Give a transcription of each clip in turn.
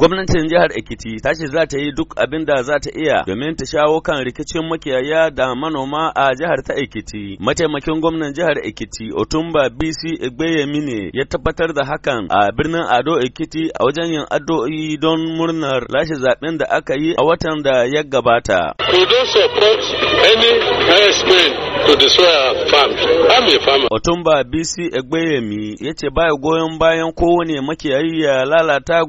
Gwamnatin jihar Ekiti ta ce za ta yi duk abin da za ta iya domin ta shawo kan rikicin makiyaya da manoma a jihar ta Ekiti. Mataimakin gwamnan jihar Ekiti Otumba BC Egbeyemine ya tabbatar da hakan a birnin Ado Ekiti a wajen yin addu'o'i don murnar lashe zaben da aka yi a watan da ya gabata. any to destroy farms. I'm a farmer. Otumba BC Egbeyemi ya ce baya goyon bayan kowane makiyayi ya lalata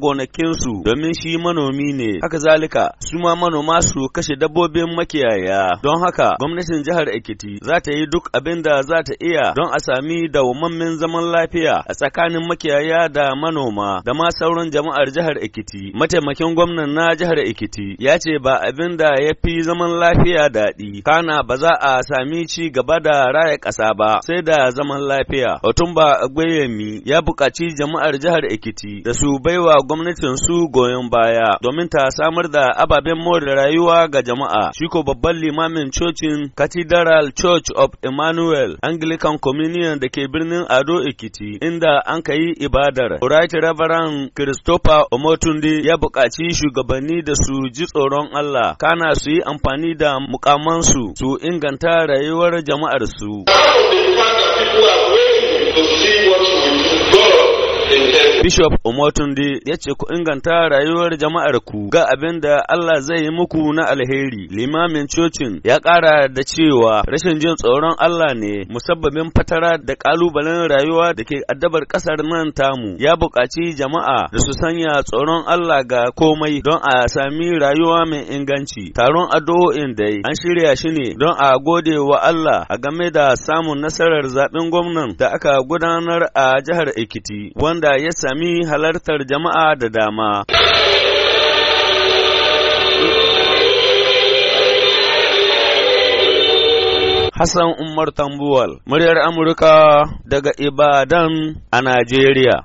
su domin shi manomi ne. Haka zalika su ma manoma su kashe dabbobin makiyaya. Don haka gwamnatin jihar Ekiti za ta yi duk abin da za ta iya don a sami dawwammamin zaman lafiya a tsakanin makiyaya da manoma da ma sauran jama'ar jihar Ekiti. Mataimakin gwamnan na jihar Ekiti ya ce ba abin da ya fi zaman lafiya daɗi. Kana ba za a sami ci gaba da raya ƙasa ba sai da zaman lafiya. Otumba Agweyemi ya bukaci jama'ar jihar Ekiti da su baiwa gwamnatin su goyon baya domin ta samar da ababen more rayuwa ga jama'a. Shi ko babban limamin cocin Cathedral Church of Emmanuel Anglican Communion da ke birnin Ado Ekiti inda an ka yi ibadar. Right Reverend Christopher Omotundi ya bukaci shugabanni da su ji tsoron Allah kana su yi amfani da mukamansu su inganta rayuwar jama'ar su. Bishop Omotundi ya ce ku inganta rayuwar jama'ar ku ga abin da Allah zai yi muku na alheri. Limamin cocin ya ƙara da cewa rashin jin tsoron Allah ne musabbabin fatara da kalubalen rayuwa da ke addabar ƙasar nan tamu. Ya buƙaci jama'a da su sanya tsoron Allah ga komai don a sami rayuwa mai inganci. Taron addu'o'in dai an shirya shi ne don a gode wa Allah a game da samun nasarar zaɓen gwamnan da aka gudanar a jihar Ekiti wanda ya sami halartar jama'a da dama. Hassan Umar Tambuwal, muryar Amurka daga Ibadan a Najeriya.